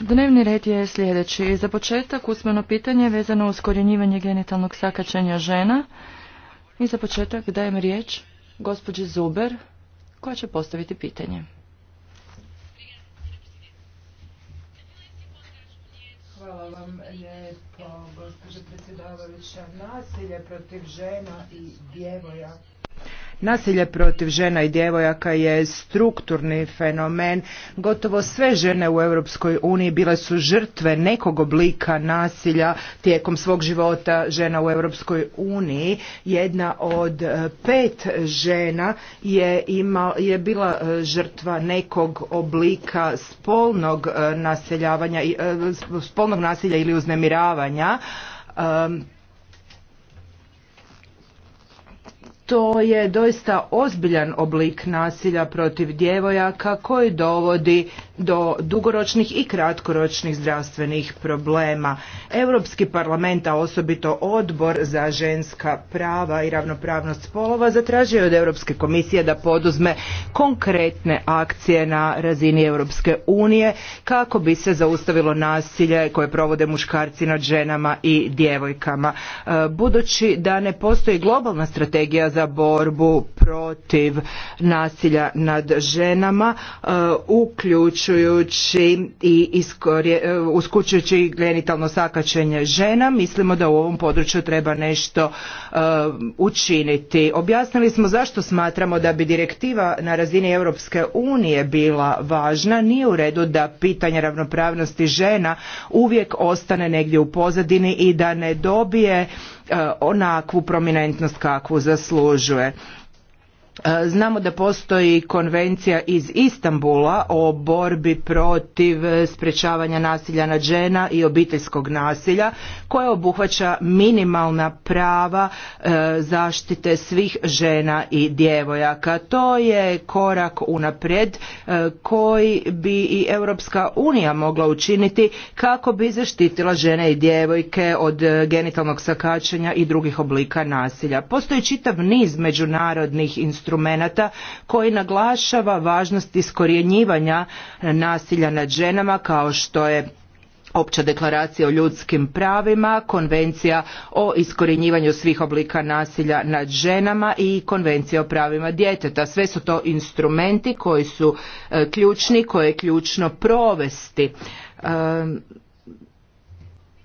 Dnevni red je sljedeći. Za početak usmeno pitanje vezano uz korjenjivanje genitalnog sakačenja žena. I za početak dajem riječ gospođi Zuber koja će postaviti pitanje. Hvala vam lijepo, gospođa predsjedavajuća. Nasilje protiv žena i djevoja... Nasilje protiv žena i djevojaka je strukturni fenomen. Gotovo sve žene u Europskoj uniji bile su žrtve nekog oblika nasilja tijekom svog života žena u Europskoj uniji. Jedna od e, pet žena je, ima, je bila e, žrtva nekog oblika spolnog e, naseljavanja, spolnog nasilja ili uznemiravanja. to je doista ozbiljan oblik nasilja protiv djevojaka koji dovodi do dugoročnih i kratkoročnih zdravstvenih problema. Europski parlament, a osobito odbor za ženska prava i ravnopravnost spolova, zatražio od Europske komisije da poduzme konkretne akcije na razini Europske unije kako bi se zaustavilo nasilje koje provode muškarci nad ženama i djevojkama. E, budući da ne postoji globalna strategija za borbu protiv nasilja nad ženama, e, uključ uključujući i iskorje, e, uskučujući genitalno sakačenje žena, mislimo da u ovom području treba nešto e, učiniti. Objasnili smo zašto smatramo da bi direktiva na razini Europske unije bila važna. Nije u redu da pitanje ravnopravnosti žena uvijek ostane negdje u pozadini i da ne dobije e, onakvu prominentnost kakvu zaslužuje. E, znamo da postoji konvencija iz Istambula o borbi protiv sprečavanja nasilja nad žena i obiteljskog nasilja koja obuhvaća minimalna prava e, zaštite svih žena i djevojaka. To je korak unaprijed e, koji bi i Europska unija mogla učiniti kako bi zaštitila žene i djevojke od genitalnog sakačenja i drugih oblika nasilja. Postoji čitav niz međunarodnih instrumenta instrumenata koji naglašava važnost iskorjenjivanja nasilja nad ženama kao što je Opća deklaracija o ljudskim pravima, Konvencija o iskorjenjivanju svih oblika nasilja nad ženama i Konvencija o pravima djeteta. Sve su to instrumenti koji su e, ključni, koje je ključno provesti. E,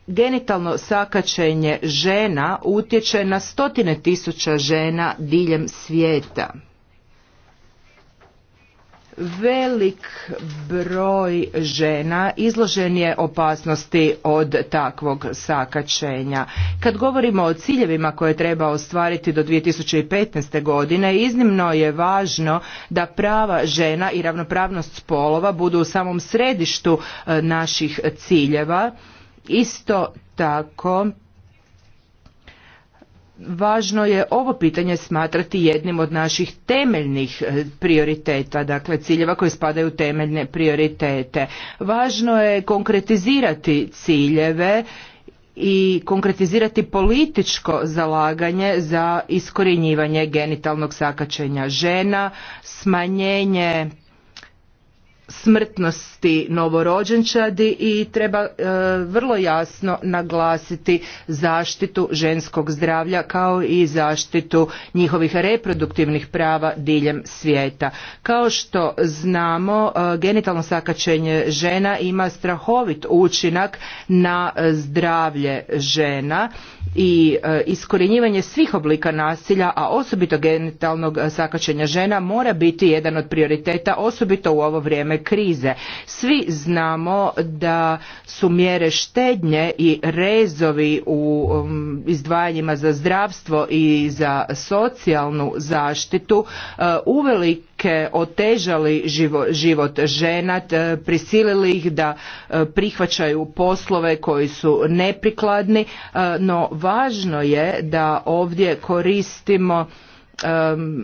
Genitalno sakačenje žena utječe na stotine tisuća žena diljem svijeta. Velik broj žena izložen je opasnosti od takvog sakačenja. Kad govorimo o ciljevima koje treba ostvariti do 2015. godine, iznimno je važno da prava žena i ravnopravnost spolova budu u samom središtu e, naših ciljeva Isto tako, važno je ovo pitanje smatrati jednim od naših temeljnih e, prioriteta, dakle ciljeva koji spadaju u temeljne prioritete. Važno je konkretizirati ciljeve i konkretizirati političko zalaganje za iskorjenjivanje genitalnog sakačenja žena, smanjenje smrtnosti novorođenčadi i treba e, vrlo jasno naglasiti zaštitu ženskog zdravlja kao i zaštitu njihovih reproduktivnih prava diljem svijeta. Kao što znamo, e, genitalno sakačenje žena ima strahovit učinak na zdravlje žena i e, iskorjenjivanje svih oblika nasilja, a osobito genitalnog sakaćenja e, žena mora biti jedan od prioriteta, osobito u ovo vrijeme krize. Svi znamo da su mjere štednje i rezovi u um, izdvajanjima za zdravstvo i za socijalnu zaštitu e, uveli otežali život žena, prisilili ih da e, prihvaćaju poslove koji su neprikladni, e, no važno je da ovdje koristimo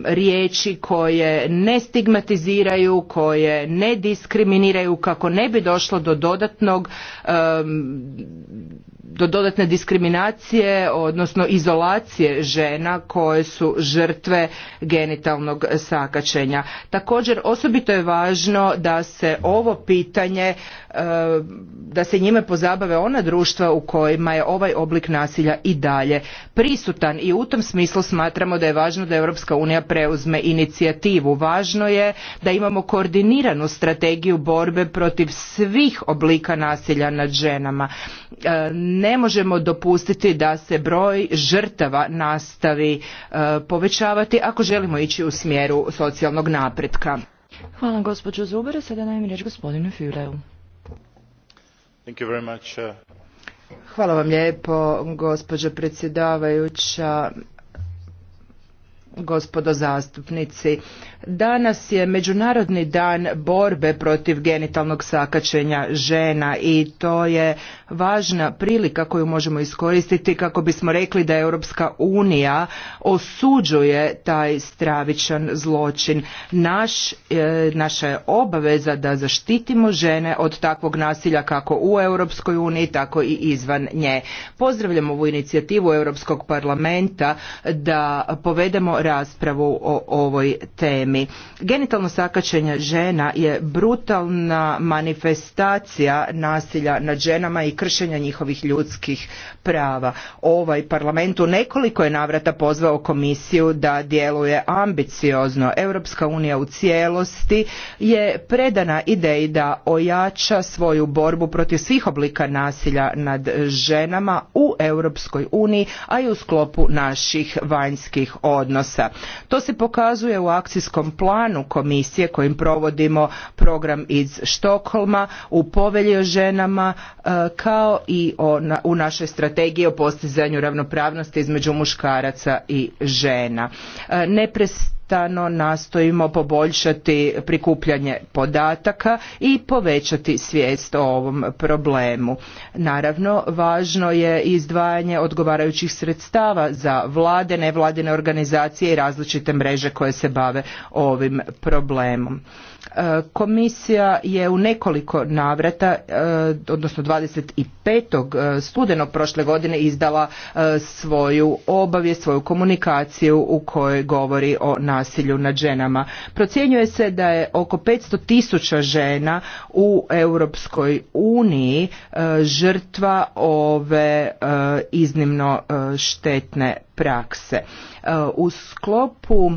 riječi koje ne stigmatiziraju, koje ne diskriminiraju kako ne bi došlo do dodatnog do dodatne diskriminacije, odnosno izolacije žena koje su žrtve genitalnog sakačenja. Također, osobito je važno da se ovo pitanje, e, da se njime pozabave ona društva u kojima je ovaj oblik nasilja i dalje prisutan i u tom smislu smatramo da je važno da Europska unija preuzme inicijativu. Važno je da imamo koordiniranu strategiju borbe protiv svih oblika nasilja nad ženama. E, ne možemo dopustiti da se broj žrtava nastavi e, povećavati ako želimo ići u smjeru socijalnog napretka. Hvala gospođo Zubere, sada najmi riječ gospodinu Fureu. Thank you very much. Uh, Hvala vam lijepo, gospođo predsjedavajuća gospodo zastupnici. Danas je Međunarodni dan borbe protiv genitalnog sakačenja žena i to je važna prilika koju možemo iskoristiti kako bismo rekli da Europska unija osuđuje taj stravičan zločin. Naš, e, naša je obaveza da zaštitimo žene od takvog nasilja kako u Europskoj uniji tako i izvan nje. Pozdravljam ovu inicijativu Europskog parlamenta da povedemo raspravu o ovoj temi. Genitalno sakačenje žena je brutalna manifestacija nasilja nad ženama i kršenja njihovih ljudskih prava. Ovaj parlament u nekoliko je navrata pozvao komisiju da djeluje ambiciozno. Europska unija u cijelosti je predana ideji da ojača svoju borbu protiv svih oblika nasilja nad ženama u Europskoj uniji, a i u sklopu naših vanjskih odnosa to se pokazuje u akcijskom planu komisije kojim provodimo program iz Štokholma, u povelji o ženama e, kao i u našoj strategiji o postizanju ravnopravnosti između muškaraca i žena. E, stalno nastojimo poboljšati prikupljanje podataka i povećati svijest o ovom problemu. Naravno, važno je izdvajanje odgovarajućih sredstava za vlade, nevladine organizacije i različite mreže koje se bave ovim problemom. E, komisija je u nekoliko navrata, e, odnosno 25. E, studenog prošle godine izdala svoju obavijest, svoju komunikaciju u kojoj govori o nasilju nad ženama. Procjenjuje se da je oko 500 tisuća žena u Europskoj uniji žrtva ove iznimno štetne prakse. U sklopu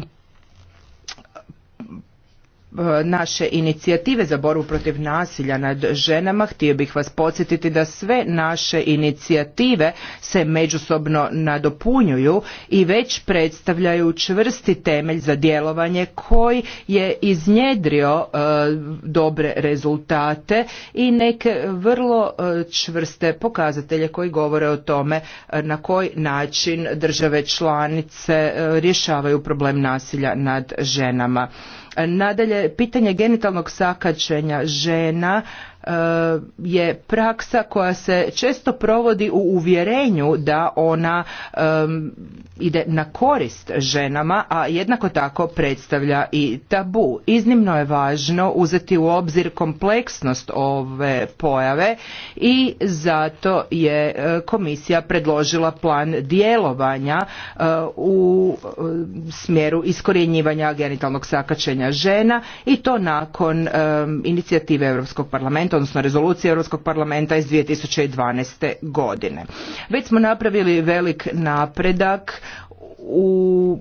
naše inicijative za borbu protiv nasilja nad ženama, htio bih vas podsjetiti da sve naše inicijative se međusobno nadopunjuju i već predstavljaju čvrsti temelj za djelovanje koji je iznjedrio e, dobre rezultate i neke vrlo e, čvrste pokazatelje koji govore o tome na koji način države članice e, rješavaju problem nasilja nad ženama. Nadalje, pitanje genitalnog sakačenja žena je praksa koja se često provodi u uvjerenju da ona ide na korist ženama, a jednako tako predstavlja i tabu. Iznimno je važno uzeti u obzir kompleksnost ove pojave i zato je e, komisija predložila plan djelovanja e, u e, smjeru iskorjenjivanja genitalnog sakačenja žena i to nakon inicijative Europskog parlamenta odnosno rezolucije Europskog parlamenta iz 2012. godine. Već smo napravili velik napredak u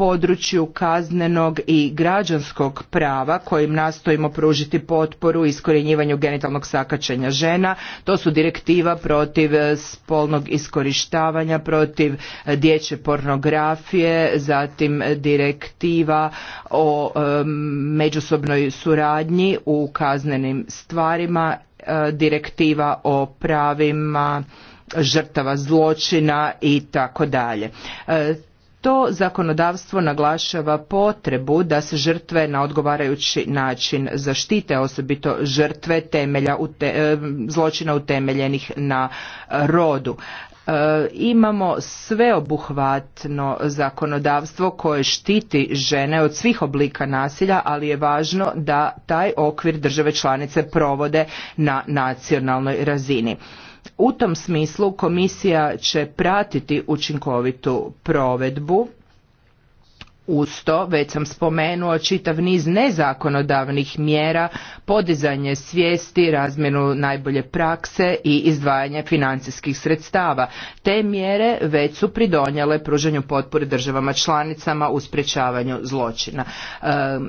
području kaznenog i građanskog prava kojim nastojimo pružiti potporu iskorjenjivanju genitalnog sakačenja žena. To su direktiva protiv e, spolnog iskorištavanja, protiv e, dječje pornografije, zatim e, direktiva o međusobnoj suradnji u kaznenim stvarima, direktiva o pravima žrtava zločina i tako dalje. To zakonodavstvo naglašava potrebu da se žrtve na odgovarajući način zaštite, osobito žrtve temelja eh, zločina utemeljenih na eh, rodu. Eh, imamo sveobuhvatno zakonodavstvo koje štiti žene od svih oblika nasilja, ali je važno da taj okvir države članice provode na nacionalnoj razini. U tom smislu komisija će pratiti učinkovitu provedbu uz to, već sam spomenuo čitav niz nezakonodavnih mjera, podizanje svijesti, razmjenu najbolje prakse i izdvajanje financijskih sredstava. Te mjere već su pridonjale pružanju potpore državama članicama u sprječavanju zločina. Ehm,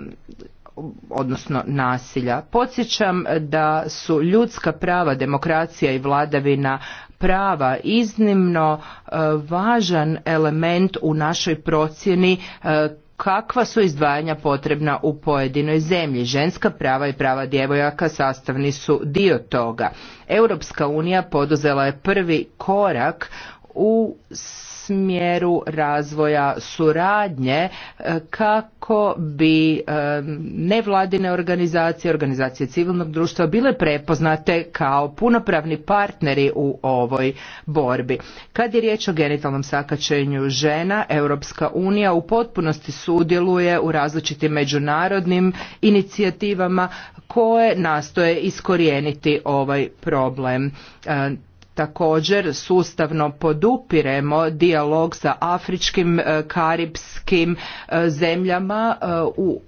odnosno nasilja. Podsjećam da su ljudska prava, demokracija i vladavina prava iznimno e, važan element u našoj procjeni e, kakva su izdvajanja potrebna u pojedinoj zemlji. Ženska prava i prava djevojaka sastavni su dio toga. Europska unija poduzela je prvi korak u smjeru razvoja suradnje e, kako bi e, nevladine organizacije, organizacije civilnog društva bile prepoznate kao punopravni partneri u ovoj borbi. Kad je riječ o genitalnom sakačenju žena, Europska unija u potpunosti sudjeluje u različitim međunarodnim inicijativama koje nastoje iskorijeniti ovaj problem. E, Također sustavno podupiremo dijalog sa afričkim, e, karipskim e, zemljama e, u,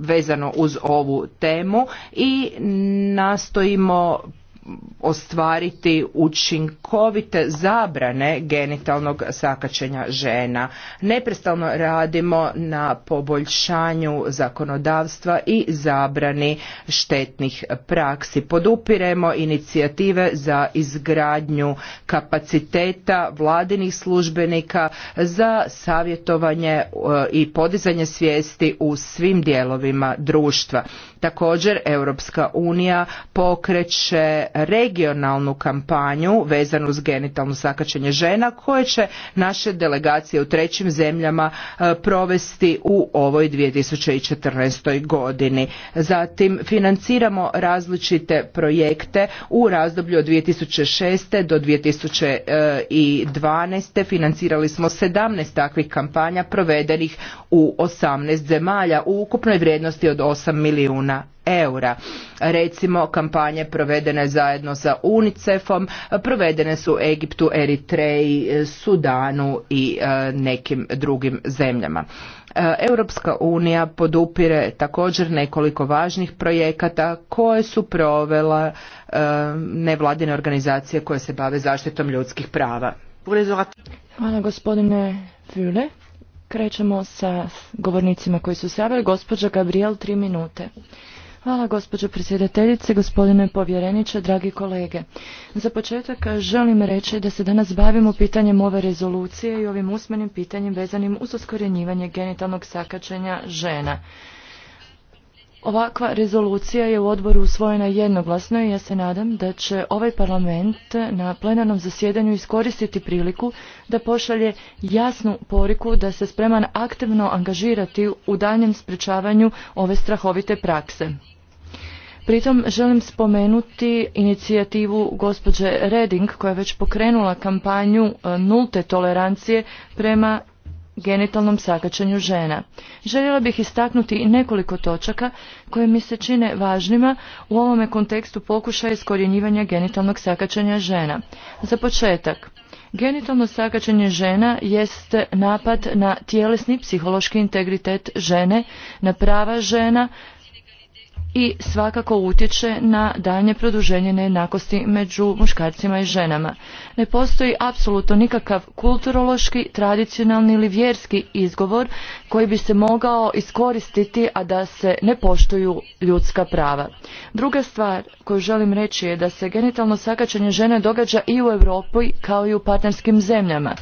vezano uz ovu temu i nastojimo ostvariti učinkovite zabrane genitalnog sakačenja žena. Neprestalno radimo na poboljšanju zakonodavstva i zabrani štetnih praksi. Podupiremo inicijative za izgradnju kapaciteta vladinih službenika za savjetovanje e, i podizanje svijesti u svim dijelovima društva. Također Europska unija pokreće regionalnu kampanju vezanu uz genitalno sakačenje žena koje će naše delegacije u trećim zemljama e, provesti u ovoj 2014. godini. Zatim financiramo različite projekte u razdoblju od 2006. do 2012. financirali smo 17 takvih kampanja provedenih u 18 zemalja u ukupnoj vrijednosti od 8 milijuna milijuna eura. Recimo, kampanje provedene zajedno sa UNICEF-om, provedene su Egiptu, Eritreji, Sudanu i e, nekim drugim zemljama. E, Europska unija podupire također nekoliko važnih projekata koje su provela e, nevladine organizacije koje se bave zaštitom ljudskih prava. Hvala gospodine Fule. Krećemo sa govornicima koji su se javili. Gospođa Gabriel, tri minute. Hvala gospođo predsjedateljice, gospodine povjereniče, dragi kolege. Za početak želim reći da se danas bavimo pitanjem ove rezolucije i ovim usmenim pitanjem vezanim uz oskorjenjivanje genitalnog sakačenja žena. Ovakva rezolucija je u odboru usvojena jednoglasno i ja se nadam da će ovaj parlament na plenarnom zasjedanju iskoristiti priliku da pošalje jasnu poriku da se spreman aktivno angažirati u daljem sprječavanju ove strahovite prakse. Pritom želim spomenuti inicijativu gospođe Reding koja je već pokrenula kampanju e, nulte tolerancije prema genitalnom sakačenju žena. Željela bih istaknuti nekoliko točaka koje mi se čine važnima u ovome kontekstu pokušaja iskorjenjivanja genitalnog sakačanja žena. Za početak, genitalno sakačenje žena jest napad na tjelesni psihološki integritet žene, na prava žena, i svakako utječe na daljnje produženje nejednakosti među muškarcima i ženama. Ne postoji apsolutno nikakav kulturološki, tradicionalni ili vjerski izgovor koji bi se mogao iskoristiti, a da se ne poštuju ljudska prava. Druga stvar koju želim reći je da se genitalno sakačenje žene događa i u Europi kao i u partnerskim zemljama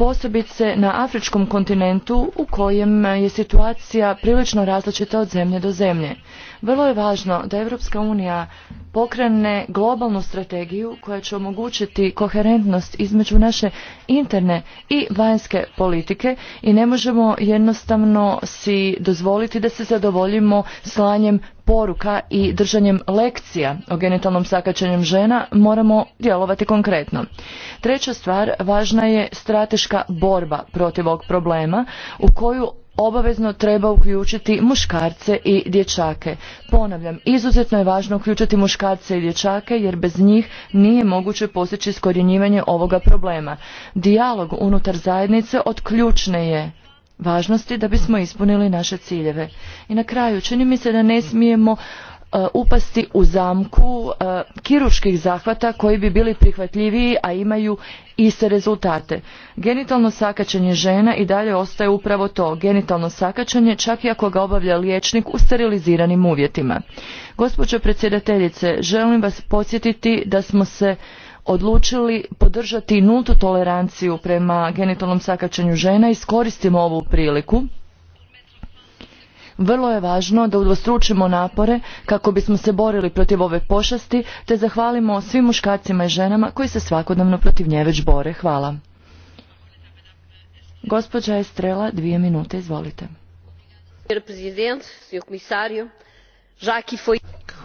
posebice na afričkom kontinentu u kojem je situacija prilično različita od zemlje do zemlje. Vrlo je važno da Europska unija pokrene globalnu strategiju koja će omogućiti koherentnost između naše interne i vanjske politike i ne možemo jednostavno si dozvoliti da se zadovoljimo slanjem poruka i držanjem lekcija o genitalnom sakačenjem žena moramo djelovati konkretno. Treća stvar, važna je strateška borba protiv ovog problema u koju obavezno treba uključiti muškarce i dječake. Ponavljam, izuzetno je važno uključiti muškarce i dječake jer bez njih nije moguće postići iskorjenjivanje ovoga problema. Dijalog unutar zajednice od ključne je važnosti da bismo ispunili naše ciljeve. I na kraju, čini mi se da ne smijemo e, upasti u zamku e, kiruških zahvata koji bi bili prihvatljiviji, a imaju iste rezultate. Genitalno sakačenje žena i dalje ostaje upravo to, genitalno sakačenje čak i ako ga obavlja liječnik u steriliziranim uvjetima. Gospođo predsjedateljice, želim vas podsjetiti da smo se odlučili podržati nultu toleranciju prema genitalnom sakačenju žena, i iskoristimo ovu priliku. Vrlo je važno da udvostručimo napore kako bismo se borili protiv ove pošasti te zahvalimo svim muškarcima i ženama koji se svakodnevno protiv nje već bore. Hvala. Gospođa Estrela, dvije minute, izvolite.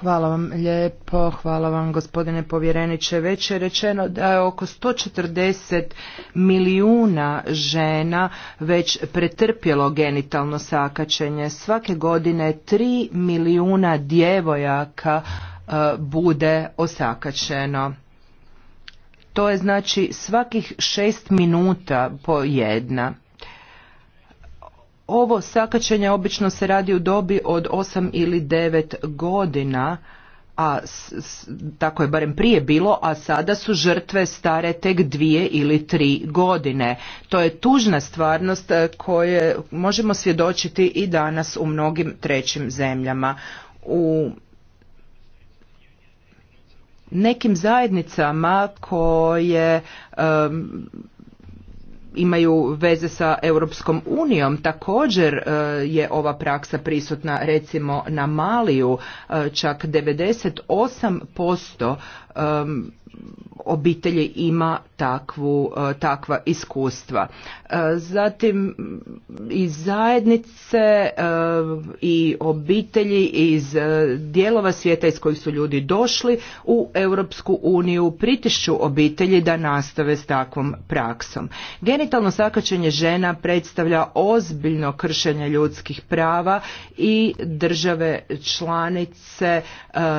Hvala vam lijepo, hvala vam gospodine povjereniče. Već je rečeno da je oko 140 milijuna žena već pretrpjelo genitalno sakačenje. Svake godine 3 milijuna djevojaka e, bude osakačeno. To je znači svakih šest minuta po jedna. Ovo sakačenje obično se radi u dobi od 8 ili 9 godina, a tako je barem prije bilo, a sada su žrtve stare tek dvije ili tri godine. To je tužna stvarnost e, koje možemo svjedočiti i danas u mnogim trećim zemljama. U nekim zajednicama koje um, imaju veze sa Europskom unijom. Također e, je ova praksa prisutna recimo na Maliju, e, čak 98% obitelji ima takvu, e, takva iskustva. E, zatim i zajednice e, i obitelji iz dijelova svijeta iz kojih su ljudi došli u Europsku uniju pritišću obitelji da nastave s takvom praksom. Genitalno sakačenje žena predstavlja ozbiljno kršenje ljudskih prava i države članice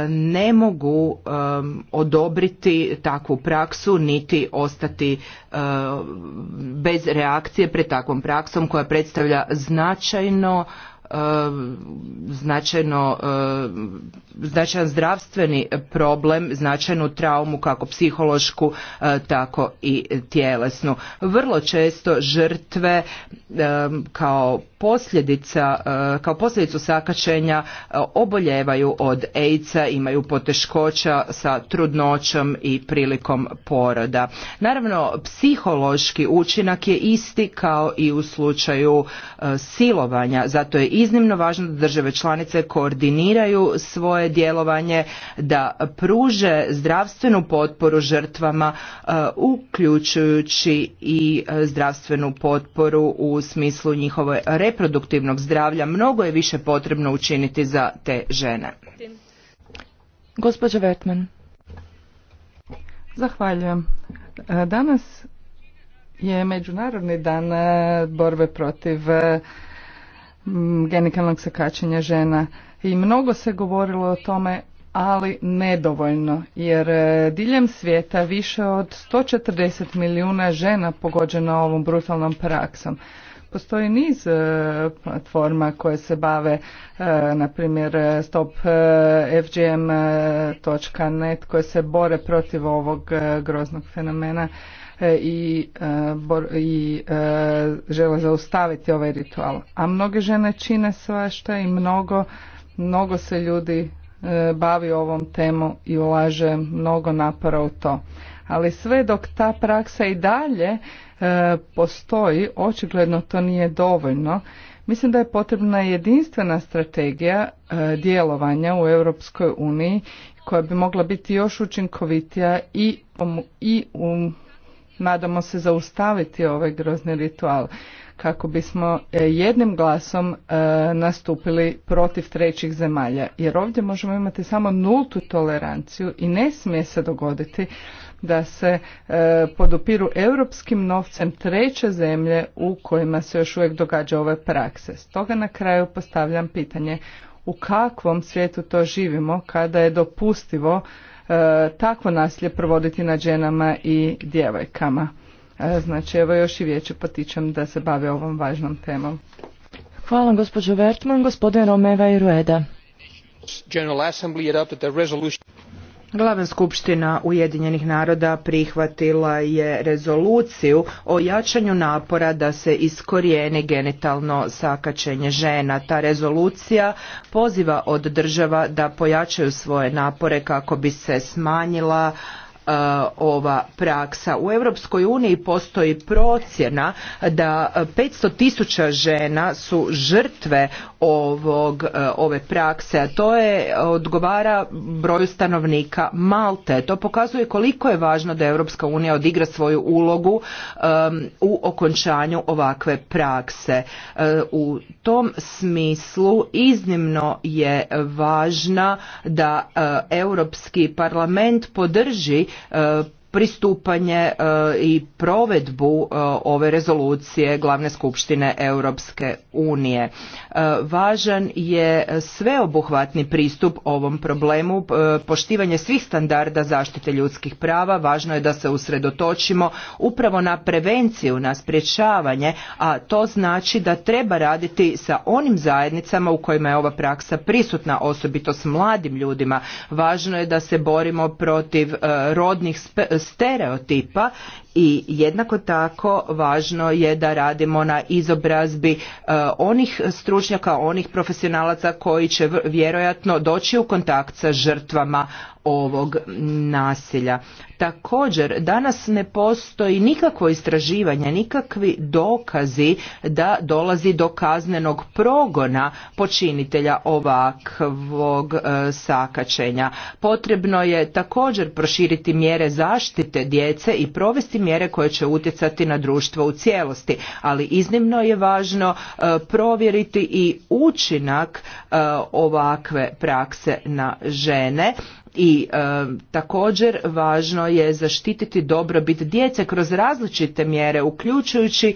ne mogu odobriti takvu praksu niti ostati e, bez reakcije pred takvom praksom koja predstavlja značajno e, značajno e, značajan zdravstveni problem, značajnu traumu kako psihološku tako i tjelesnu. Vrlo često žrtve kao posljedica, e, kao posljedicu sakačenja e, oboljevaju od AIDS-a, imaju poteškoća sa trudnoćom i prilikom poroda. Naravno, psihološki učinak je isti kao i u slučaju e, silovanja, zato je iznimno važno da države članice koordiniraju svoje djelovanje, da pruže zdravstvenu potporu žrtvama, uključujući i zdravstvenu potporu u smislu njihove reproduktivnog zdravlja mnogo je više potrebno učiniti za te žene. Gospođa Vertman. Zahvaljujem. E, danas je Međunarodni dan e, borbe protiv e, genikalnog sakačenja žena i mnogo se govorilo o tome ali nedovoljno jer diljem svijeta više od 140 milijuna žena pogođeno ovom brutalnom praksom. Postoji niz e, platforma koje se bave, e, na primjer e, stop fgm.net koje se bore protiv ovog groznog fenomena i, i žele zaustaviti ovaj ritual. A mnoge žene čine svašta i mnogo, mnogo se ljudi E, bavi ovom temom i ulaže mnogo napora u to. Ali sve dok ta praksa i dalje e, postoji, očigledno to nije dovoljno. Mislim da je potrebna jedinstvena strategija e, djelovanja u Europskoj uniji koja bi mogla biti još učinkovitija i, i nadamo se zaustaviti ovaj grozni ritual kako bismo e, jednim glasom e, nastupili protiv trećih zemalja. Jer ovdje možemo imati samo nultu toleranciju i ne smije se dogoditi da se e, podupiru europskim novcem treće zemlje u kojima se još uvijek događa ove prakse. Stoga na kraju postavljam pitanje u kakvom svijetu to živimo kada je dopustivo takvo nasilje provoditi nad ženama i djevojkama. E, znači evo još i vijeće potičem da se bave ovom važnom temom. Hvala gospođo Vertman, gospodin Romeva i Rueda. Glavna skupština Ujedinjenih naroda prihvatila je rezoluciju o jačanju napora da se iskorijeni genitalno sakačenje žena. Ta rezolucija poziva od država da pojačaju svoje napore kako bi se smanjila E, ova praksa. U Europskoj uniji postoji procjena da 500 tisuća žena su žrtve ovog, e, ove prakse, a to je odgovara broju stanovnika Malte. To pokazuje koliko je važno da Europska unija odigra svoju ulogu u okončanju ovakve prakse. E, u tom smislu iznimno je važna da Europski parlament podrži e, pristupanje e, i provedbu e, ove rezolucije glavne skupštine Europske unije. E, važan je sveobuhvatni pristup ovom problemu, poštivanje svih standarda zaštite ljudskih prava, važno je da se usredotočimo upravo na prevenciju, na sprječavanje, a to znači da treba raditi sa onim zajednicama u kojima je ova praksa prisutna, osobito s mladim ljudima. Važno je da se borimo protiv rodnih stereotipa i jednako tako važno je da radimo na izobrazbi e, onih stručnjaka, onih profesionalaca koji će vjerojatno doći u kontakt sa žrtvama ovog nasilja. Također, danas ne postoji nikakvo istraživanje, nikakvi dokazi da dolazi do kaznenog progona počinitelja ovakvog e, sakačenja. Potrebno je također proširiti mjere zaštite djece i provesti mjere koje će utjecati na društvo u cijelosti, ali iznimno je važno e, provjeriti i učinak e, ovakve prakse na žene i e, također važno je zaštititi dobrobit djece kroz različite mjere uključujući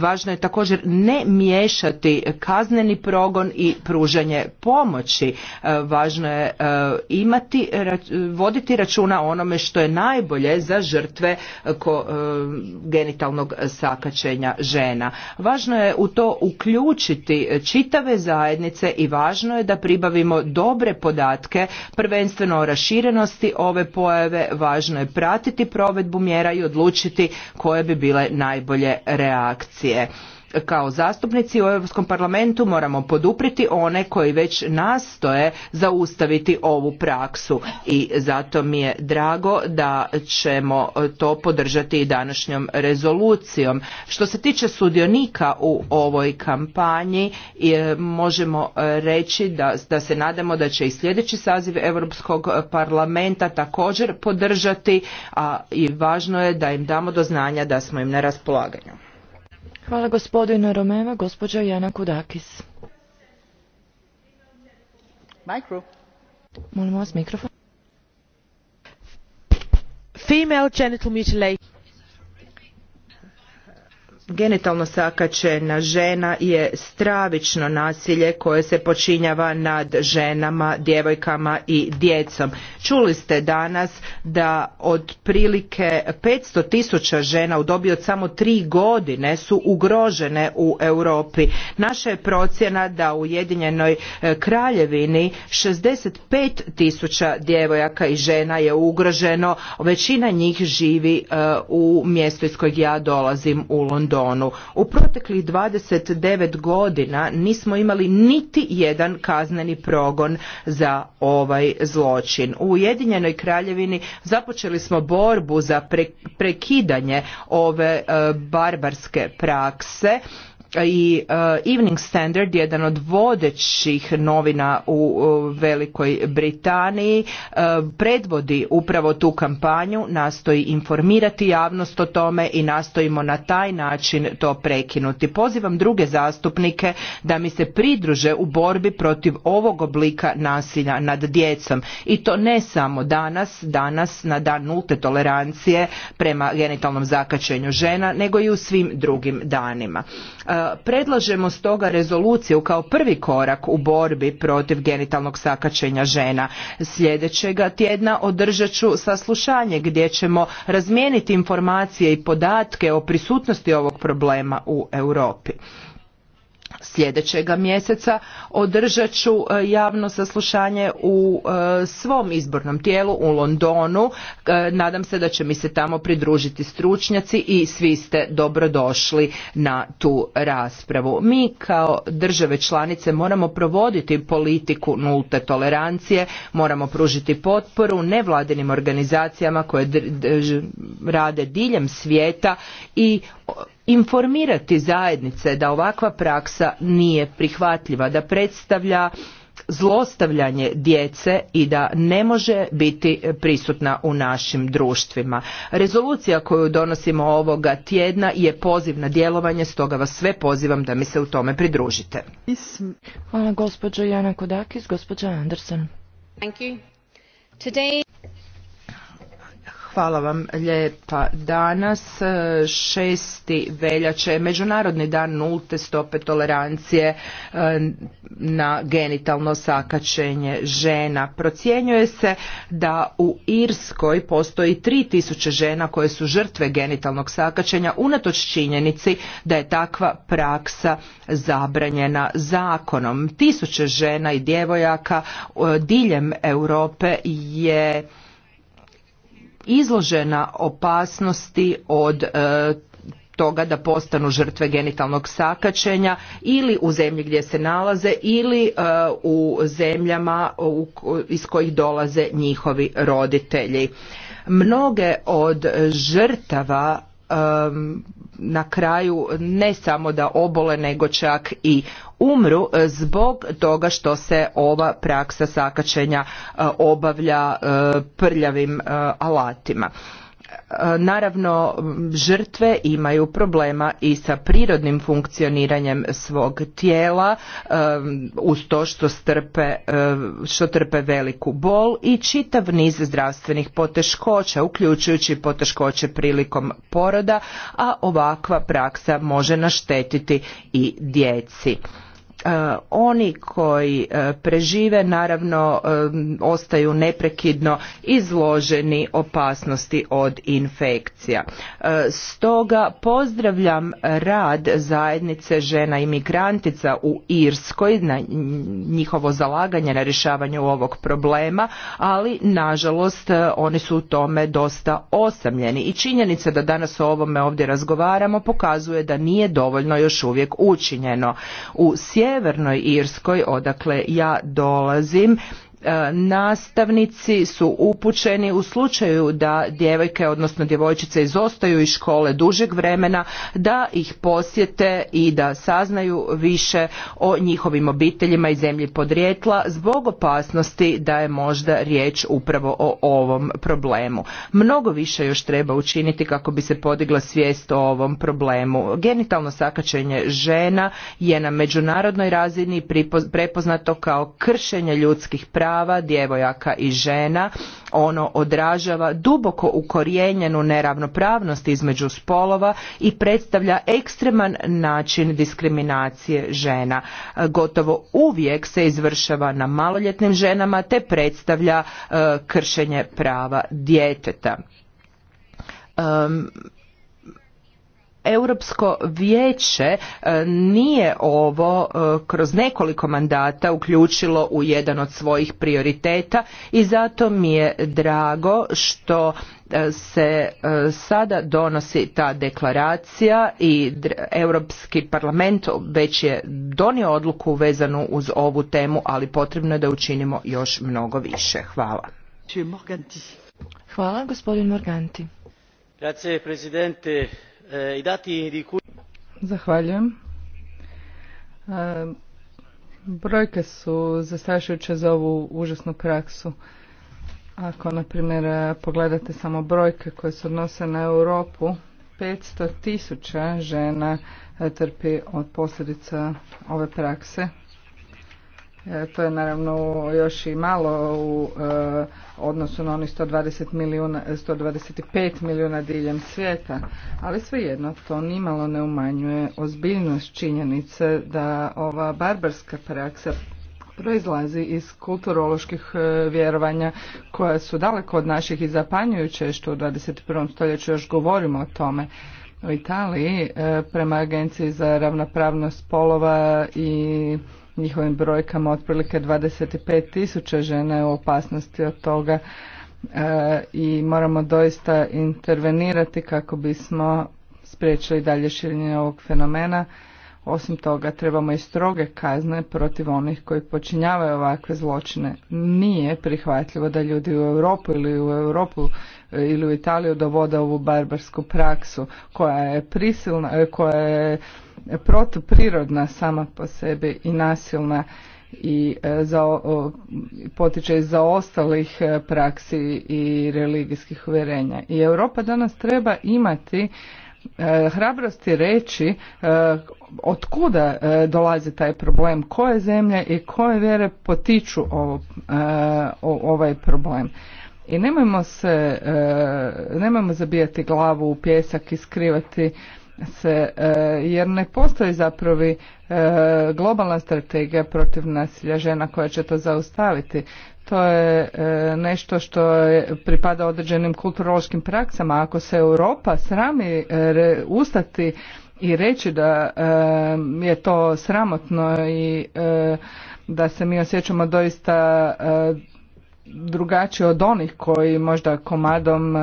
važno je također ne miješati kazneni progon i pružanje pomoći. E, važno je e, imati, voditi računa o onome što je najbolje za žrtve e, genitalnog sakačenja žena. Važno je u to uključiti čitave zajednice i važno je da pribavimo dobre podatke, prvenstveno o raširenosti ove pojave, važno je pratiti provedbu mjera i odlučiti koje bi bile najbolje reakcije kao zastupnici u Europskom parlamentu moramo podupriti one koji već nastoje zaustaviti ovu praksu i zato mi je drago da ćemo to podržati i današnjom rezolucijom. Što se tiče sudionika u ovoj kampanji možemo reći da, se nadamo da će i sljedeći saziv Europskog parlamenta također podržati a i važno je da im damo do znanja da smo im na raspolaganju. Hvala gospodine Romeva, gospođa Jana Kudakis. Mikro. Molim vas mikrofon. Female genital mutilation. Genitalno sakačena žena je stravično nasilje koje se počinjava nad ženama, djevojkama i djecom. Čuli ste danas da otprilike 500 tisuća žena u dobi od samo tri godine su ugrožene u Europi. Naša je procjena da u Ujedinjenoj e, kraljevini 65 tisuća djevojaka i žena je ugroženo. Većina njih živi e, u mjestu iz kojeg ja dolazim u Londonu Londonu. U proteklih 29 godina nismo imali niti jedan kazneni progon za ovaj zločin. U Ujedinjenoj kraljevini započeli smo borbu za prekidanje ove e, barbarske prakse i e, Evening Standard, jedan od vodećih novina u Velikoj Britaniji, e, predvodi upravo tu kampanju, nastoji informirati javnost o tome i nastojimo na taj način to prekinuti. Pozivam druge zastupnike da mi se pridruže u borbi protiv ovog oblika nasilja nad djecom i to ne samo danas, danas na dan nulte tolerancije prema genitalnom zakačenju žena, nego i u svim drugim danima. E, Predlažemo stoga rezoluciju kao prvi korak u borbi protiv genitalnog sakaćenja žena. Sljedećega tjedna održat ću saslušanje gdje ćemo razmijeniti informacije i podatke o prisutnosti ovog problema u Europi sljedećega mjeseca održat ću e, javno saslušanje u e, svom izbornom tijelu u Londonu. E, nadam se da će mi se tamo pridružiti stručnjaci i svi ste dobrodošli na tu raspravu. Mi kao države članice moramo provoditi politiku nulte tolerancije, moramo pružiti potporu nevladinim organizacijama koje rade diljem svijeta i informirati zajednice da ovakva praksa nije prihvatljiva, da predstavlja zlostavljanje djece i da ne može biti prisutna u našim društvima. Rezolucija koju donosimo ovoga tjedna je poziv na djelovanje, stoga vas sve pozivam da mi se u tome pridružite. Hvala gospođo Jana Kodakis, gospođo Anderson. Thank Hvala vam lijepa. Danas 6. E, veljače Međunarodni dan nulte stope tolerancije e, na genitalno sakačenje žena. Procjenjuje se da u Irskoj postoji 3000 žena koje su žrtve genitalnog sakačenja unatoč činjenici da je takva praksa zabranjena zakonom. Tisuće žena i djevojaka e, diljem Europe je izložena opasnosti od e, toga da postanu žrtve genitalnog sakačenja ili u zemlji gdje se nalaze ili e, u zemljama iz kojih dolaze njihovi roditelji. Mnoge od žrtava na kraju ne samo da obole nego čak i umru e, zbog toga što se ova praksa sakačenja e, obavlja e, prljavim alatima. Naravno, žrtve imaju problema i sa prirodnim funkcioniranjem svog tijela, um, uz to što, strpe, um, što trpe veliku bol i čitav niz zdravstvenih poteškoća, uključujući poteškoće prilikom poroda, a ovakva praksa može naštetiti i djeci. E, oni koji e, prežive naravno e, ostaju neprekidno izloženi opasnosti od infekcija. Stoga pozdravljam rad zajednice žena i migrantica u Irskoj na njihovo zalaganje na rješavanju ovog problema, ali nažalost oni su u tome dosta osamljeni i činjenica da danas o ovome ovdje razgovaramo pokazuje da nije dovoljno još uvijek učinjeno. U sjever sjevernoj Irskoj, odakle ja dolazim, E, nastavnici su upućeni u slučaju da djevojke odnosno djevojčice izostaju iz škole dužeg vremena da ih posjete i da saznaju više o njihovim obiteljima i zemlji podrijetla zbog opasnosti da je možda riječ upravo o ovom problemu. Mnogo više još treba učiniti kako bi se podigla svijest o ovom problemu. Genitalno sakačenje žena je na međunarodnoj razini prepoznato kao kršenje ljudskih prava prava djevojaka i žena. Ono odražava duboko ukorijenjenu neravnopravnost između spolova i predstavlja ekstreman način diskriminacije žena. E, gotovo uvijek se izvršava na maloljetnim ženama te predstavlja e, kršenje prava djeteta. Europsko vijeće e, nije ovo e, kroz nekoliko mandata uključilo u jedan od svojih prioriteta i zato mi je drago što e, se sada donosi ta deklaracija i Europski parlament već je donio odluku vezanu uz ovu temu, ali potrebno je da učinimo još mnogo više. Hvala. Hvala, gospodin Morganti. Eh, Zahvaljujem. Eh, brojke su zastrašujuće za ovu užasnu praksu. Ako, na primjer, eh, pogledate samo brojke koje se odnose na Europu, 500 tisuća žena trpi od posljedica ove prakse E, to je naravno još i malo u e, odnosu na onih 120 milijuna, 125 milijuna diljem svijeta, ali svejedno to nimalo ne umanjuje ozbiljnost činjenice da ova barbarska praksa proizlazi iz kulturoloških e, vjerovanja koja su daleko od naših i zapanjujuće što u 21. stoljeću još govorimo o tome. U Italiji prema Agenciji za ravnopravnost polova i njihovim brojkama otprilike 25 tisuća žena u opasnosti od toga e, i moramo doista intervenirati kako bismo spriječili dalje širenje ovog fenomena. Osim toga, trebamo i stroge kazne protiv onih koji počinjavaju ovakve zločine. Nije prihvatljivo da ljudi u Europu ili u Europu e, ili u Italiju dovode ovu barbarsku praksu koja je prisilna, e, koja je protuprirodna sama po sebi i nasilna i e, za, potiče iz zaostalih e, praksi i religijskih uvjerenja. I Europa danas treba imati e, hrabrosti reći otkuda dolazi taj problem, koje zemlje i koje vjere potiču ovaj problem. I nemojmo se, nemojmo zabijati glavu u pjesak i skrivati se, e, jer ne postoji zapravo e, globalna strategija protiv nasilja žena koja će to zaustaviti. To je e, nešto što pripada određenim kulturološkim praksama. Ako se Europa srami ustati i reći da je to sramotno i da se mi osjećamo doista Drugačije od onih koji možda komadom e,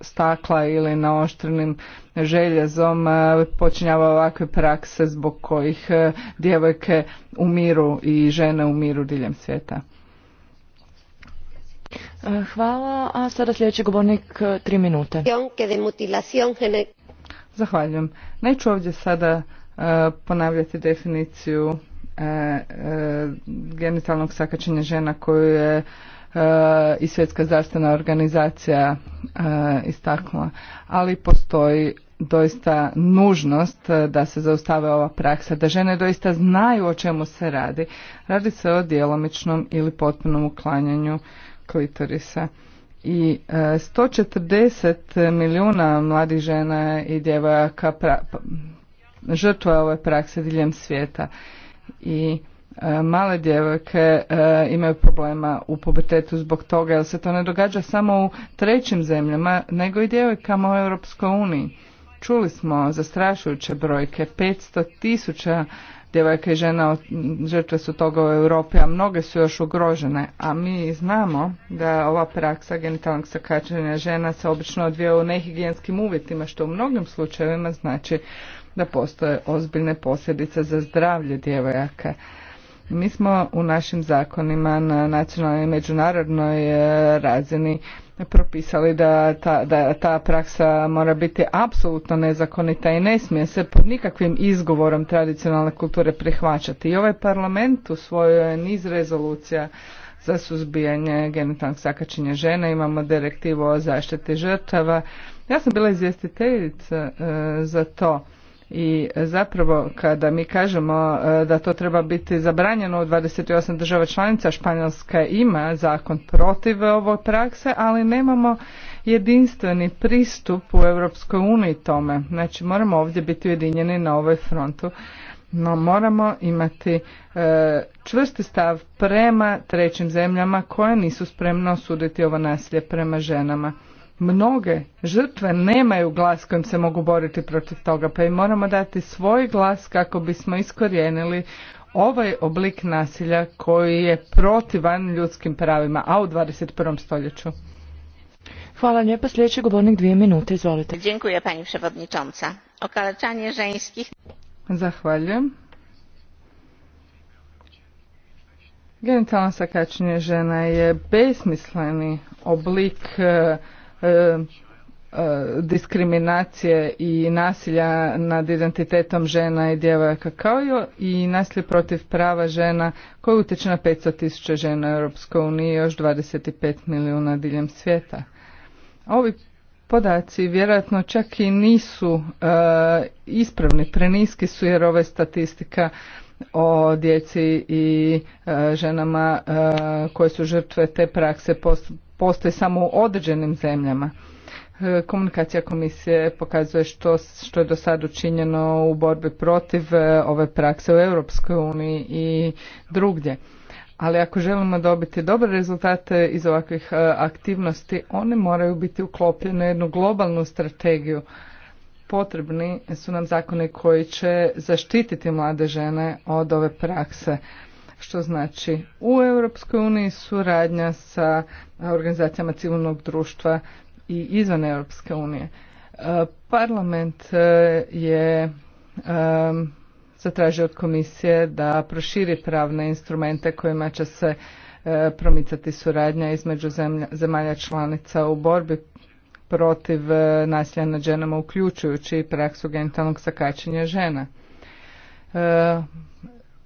stakla ili naoštrenim željezom e, počinjava ovakve prakse zbog kojih e, djevojke umiru i žene umiru diljem svijeta. Hvala, a sada sljedeći govornik tri minute. Zahvaljujem. Neću ovdje sada ponavljati definiciju E, e, genitalnog sakačenja žena koju je e, i svjetska zdravstvena organizacija istaknula. Ali postoji doista nužnost da se zaustave ova praksa, da žene doista znaju o čemu se radi. Radi se o djelomičnom ili potpunom uklanjanju klitorisa. I 140 milijuna mladih žena i djevojaka žrtvoje ove prakse diljem svijeta i e, male djevojke e, imaju problema u pubertetu zbog toga jer se to ne događa samo u trećim zemljama nego i djevojkama u Europskoj uniji. Čuli smo zastrašujuće brojke, 500 tisuća djevojka i žena žrtve su toga u Europi, a mnoge su još ugrožene. A mi znamo da ova praksa genitalnog sakačenja žena se obično odvija u nehigijenskim uvjetima, što u mnogim slučajevima znači da postoje ozbiljne posljedice za zdravlje djevojaka. Mi smo u našim zakonima na nacionalnoj i međunarodnoj e, razini propisali da ta, da ta praksa mora biti apsolutno nezakonita i ne smije se pod nikakvim izgovorom tradicionalne kulture prihvaćati. I ovaj parlament usvojio je niz rezolucija za suzbijanje genitalnog sakačenja žena, imamo direktivu o zaštiti žrtava. Ja sam bila izvjestiteljica e, za to i zapravo kada mi kažemo e, da to treba biti zabranjeno u 28 država članica, Španjolska ima zakon protiv ove prakse, ali nemamo jedinstveni pristup u Europskoj uniji tome. Znači moramo ovdje biti ujedinjeni na ovoj frontu. No moramo imati e, čvrsti stav prema trećim zemljama koje nisu spremne osuditi ovo nasilje prema ženama mnoge žrtve nemaju glas kojim se mogu boriti protiv toga, pa im moramo dati svoj glas kako bismo iskorijenili ovaj oblik nasilja koji je protivan ljudskim pravima, a u 21. stoljeću. Hvala lijepa, sljedeći govornik dvije minute, izvolite. Dziękuję pani przewodnicząca. Okaleczanie ženskih... Zahvaljujem. Genitalno sakačenje žena je besmisleni oblik e, E, e, diskriminacije i nasilja nad identitetom žena i djevojaka kao i nasilje protiv prava žena koje utječe na 500 tisuća žena u Europskoj uniji i još 25 milijuna diljem svijeta. Ovi podaci vjerojatno čak i nisu e, ispravni, preniski su jer ove statistika o djeci i ženama koje su žrtve te prakse post postoje samo u određenim zemljama. E, komunikacija komisije pokazuje što, što je do sad učinjeno u borbi protiv e, ove prakse u Europskoj uniji i drugdje. Ali ako želimo dobiti dobre rezultate iz ovakvih e, aktivnosti, one moraju biti uklopljene u jednu globalnu strategiju. Potrebni su nam zakone koji će zaštititi mlade žene od ove prakse što znači u Europskoj uniji suradnja sa organizacijama civilnog društva i izvan Europske unije. E, parlament e, je e, zatražio od komisije da proširi pravne instrumente kojima će se promicati suradnja između zemlja, zemalja članica u borbi protiv nasilja nad ženama uključujući i praksu genitalnog sakačenja žena.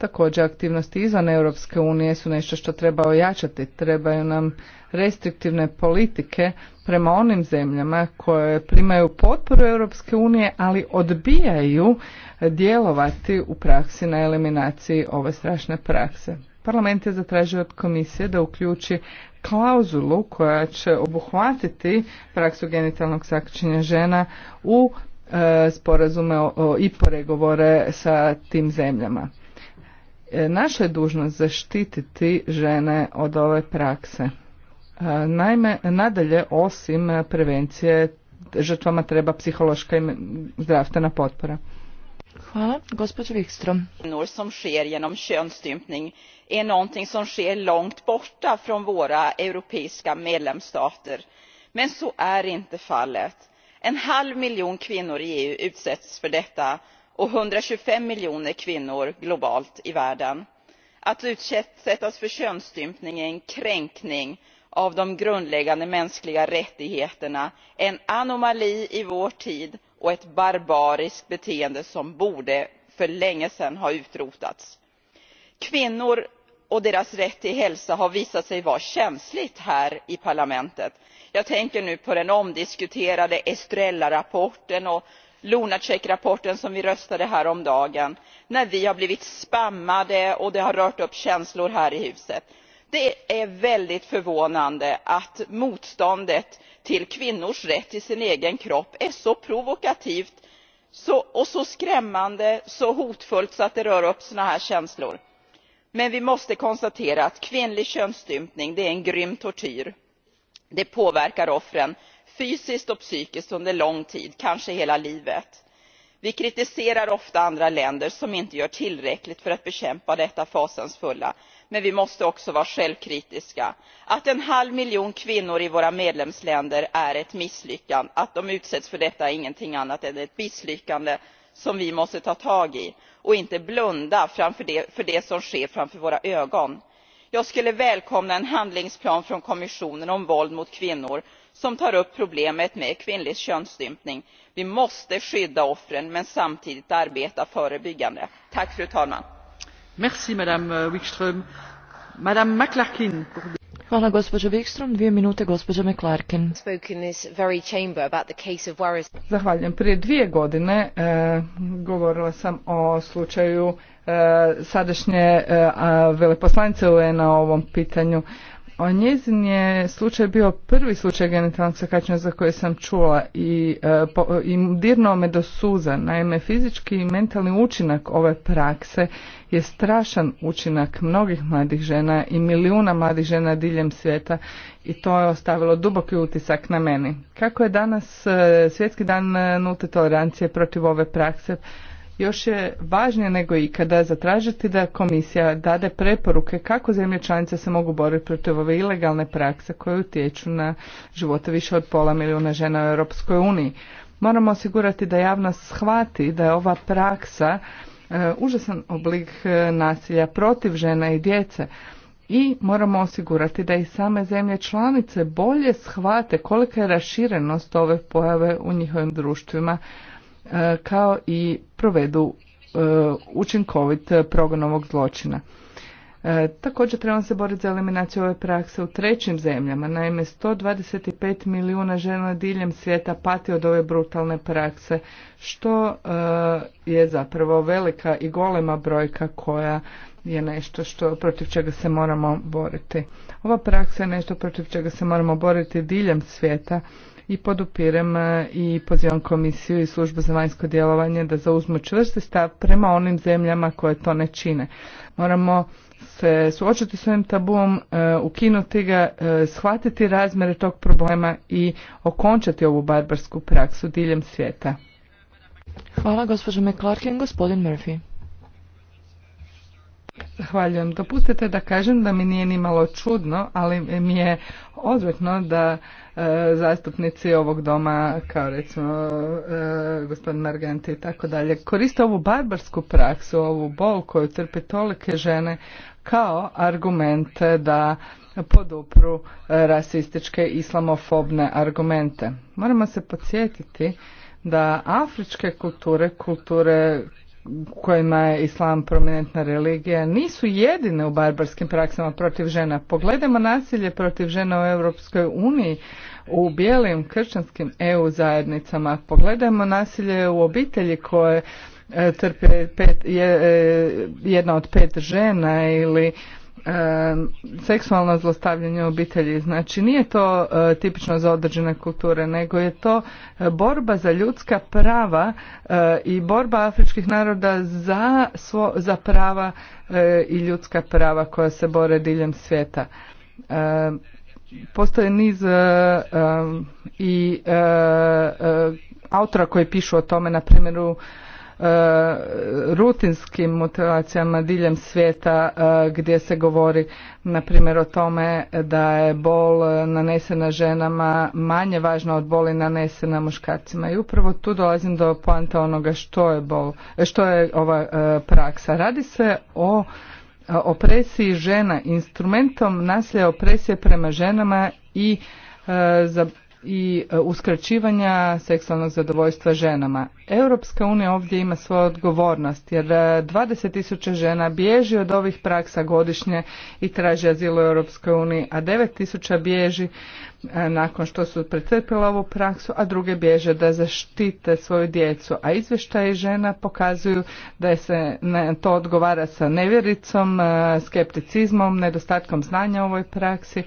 Također aktivnosti izvan Europske unije su nešto što treba ojačati. Trebaju nam restriktivne politike prema onim zemljama koje primaju potporu Europske unije, ali odbijaju djelovati u praksi na eliminaciji ove strašne prakse. Parlament je zatražio od komisije da uključi klauzulu koja će obuhvatiti praksu genitalnog sakričenja žena u e, sporazume i poregovore sa tim zemljama. E, naša je dužnost zaštititi žene od ove prakse. E, naime, nadalje, osim prevencije, žrtvama treba psihološka i zdravstvena potpora. Hvala, gospođo Wikström. Kvinnor som sker genom könsstympning är någonting som sker långt borta från våra europeiska medlemsstater. Men så är inte fallet. En halv miljon kvinnor i EU utsätts för detta och etthundratjugofem miljoner kvinnor globalt i världen. att utsättas för könsstympning är en kränkning av de grundläggande mänskliga rättigheterna en anomali i vår tid och ett barbariskt beteende som för länge sedan borde ha utrotats. kvinnor och deras rätt till hälsa har visat sig vara känsligt här i parlamentet. jag tänker nu på den omdiskuterade och lunacek-rapporten som vi röstade om häromdagen när vi har blivit spammade och det har rört upp känslor här i huset. det är väldigt förvånande att motståndet till kvinnors rätt till sin egen kropp är så provokativt och så skrämmande och hotfullt att det rör upp sådana här känslor. men vi måste konstatera att kvinnlig könsstympning är en grym tortyr. den påverkar offren fysiskt och psykiskt under lång tid kanske hela livet. vi kritiserar ofta andra länder som inte gör tillräckligt för att bekämpa detta fasansfulla men vi måste också vara självkritiska. att en halv miljon kvinnor i våra medlemsländer är ett misslyckande att de utsätts för detta är ingenting annat än ett misslyckande som vi måste ta tag i och inte blunda för det som sker framför våra ögon. jag skulle välkomna en handlingsplan från kommissionen om våld mot kvinnor som tar upp problemet med kvinnlig könsstympning. vi måste skydda offren men samtidigt arbeta förebyggande. tack fru talman! Eh, Hvala gospođo Wikström. Dvije minute gospođa McClarkin. Zahvaljujem. Prije dvije godine eh, govorila sam o slučaju eh, sadašnje veleposlanice un ovom pitanju. O njezin je slučaj bio prvi slučaj genitalnog sakačenja za koje sam čula i, e, i dirnuo me do suza. Naime, fizički i mentalni učinak ove prakse je strašan učinak mnogih mladih žena i milijuna mladih žena diljem svijeta i to je ostavilo duboki utisak na meni. Kako je danas e, svjetski dan e, nulte tolerancije protiv ove prakse, još je važnije nego ikada zatražiti da komisija dade preporuke kako zemlje članice se mogu boriti protiv ove ilegalne prakse koje utječu na živote više od pola milijuna žena u Europskoj uniji. Moramo osigurati da javnost shvati da je ova praksa e, užasan oblik e, nasilja protiv žena i djece i moramo osigurati da i same zemlje članice bolje shvate kolika je raširenost ove pojave u njihovim društvima E, kao i provedu e, učinkovit progon ovog zločina. E, također trebamo se boriti za eliminaciju ove prakse u trećim zemljama. Naime, 125 milijuna žena diljem svijeta pati od ove brutalne prakse, što je zapravo velika i golema brojka koja je nešto što protiv čega se moramo boriti. Ova praksa je nešto protiv čega se moramo boriti diljem svijeta i podupirem e, i pozivam komisiju i službu za vanjsko djelovanje da zauzmu čvrsti stav prema onim zemljama koje to ne čine. Moramo se suočiti s ovim tabuom, e, ukinuti ga, e, shvatiti razmere tog problema i okončati ovu barbarsku praksu diljem svijeta. Hvala gospođo McClarkin, gospodin Murphy. Zahvaljujem. Dopustite da kažem da mi nije ni malo čudno, ali mi je odvjetno da e, zastupnici ovog doma, kao recimo e, gospodin Argenti i tako dalje, koriste ovu barbarsku praksu, ovu bol koju trpe tolike žene kao argument da podupru e, rasističke islamofobne argumente. Moramo se podsjetiti da afričke kulture, kulture kojima je islam prominentna religija nisu jedine u barbarskim praksama protiv žena. Pogledajmo nasilje protiv žena u Europskoj uniji u bijelim kršćanskim EU zajednicama. Pogledajmo nasilje u obitelji koje e, trpe pet, e, jedna od pet žena ili seksualno zlostavljanje u obitelji. Znači nije to e, tipično za određene kulture, nego je to e, borba za ljudska prava e, i borba afričkih naroda za, svo, za prava i ljudska prava koja se bore diljem svijeta. Postoje niz i autora koji pišu o tome, na primjeru E, rutinskim mutilacijama diljem svijeta e, gdje se govori na primjer o tome da je bol nanesena ženama manje važna od boli nanesena muškarcima i upravo tu dolazim do poanta onoga što je bol, e, što je ova praksa. Radi se o opresiji žena, instrumentom nasilja opresije prema ženama i za i e, uskraćivanja seksualnog zadovoljstva ženama. Europska unija ovdje ima svoju odgovornost jer 20.000 e, žena bježi od ovih praksa godišnje i traži azil u Europskoj uniji, a 9.000 bježi e, nakon što su pretrpjela ovu praksu, a druge bježe da zaštite svoju djecu. A izvještaje žena pokazuju da se to odgovara sa nevjericom, skepticizmom, nedostatkom znanja o ovoj praksi,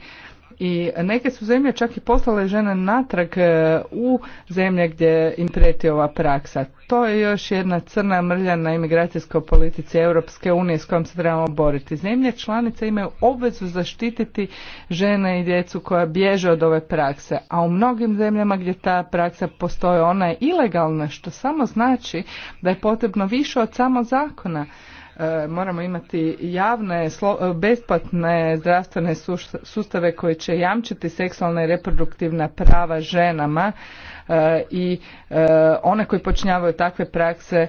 i neke su zemlje čak i poslale žene natrag e, u zemlje gdje im preti ova praksa. To je još jedna crna mrlja na imigracijskoj politici Europske unije s kojom se trebamo boriti. Zemlje članice imaju obvezu zaštititi žene i djecu koja bježe od ove prakse, a u mnogim zemljama gdje ta praksa postoje ona je ilegalna što samo znači da je potrebno više od samo zakona E, moramo imati javne, e, besplatne zdravstvene sustave koji će jamčiti seksualna i reproduktivna prava ženama e, i one koji počinjavaju takve prakse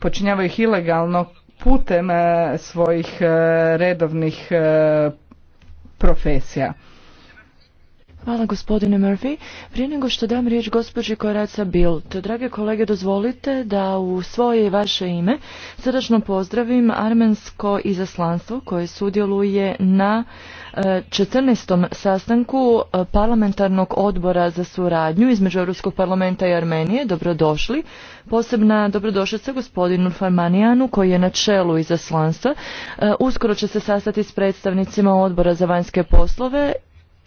počinjavaju ih ilegalno putem svojih redovnih profesija. Hvala gospodine Murphy. Prije nego što dam riječ gospođi Koraca Bild, drage kolege, dozvolite da u svoje i vaše ime srdačno pozdravim armensko izaslanstvo koje sudjeluje na 14. Eh, sastanku eh, parlamentarnog odbora za suradnju između Europskog parlamenta i Armenije. Dobrodošli. Posebna dobrodošlica gospodinu Farmanijanu koji je na čelu izaslanstva. Eh, uskoro će se sastati s predstavnicima odbora za vanjske poslove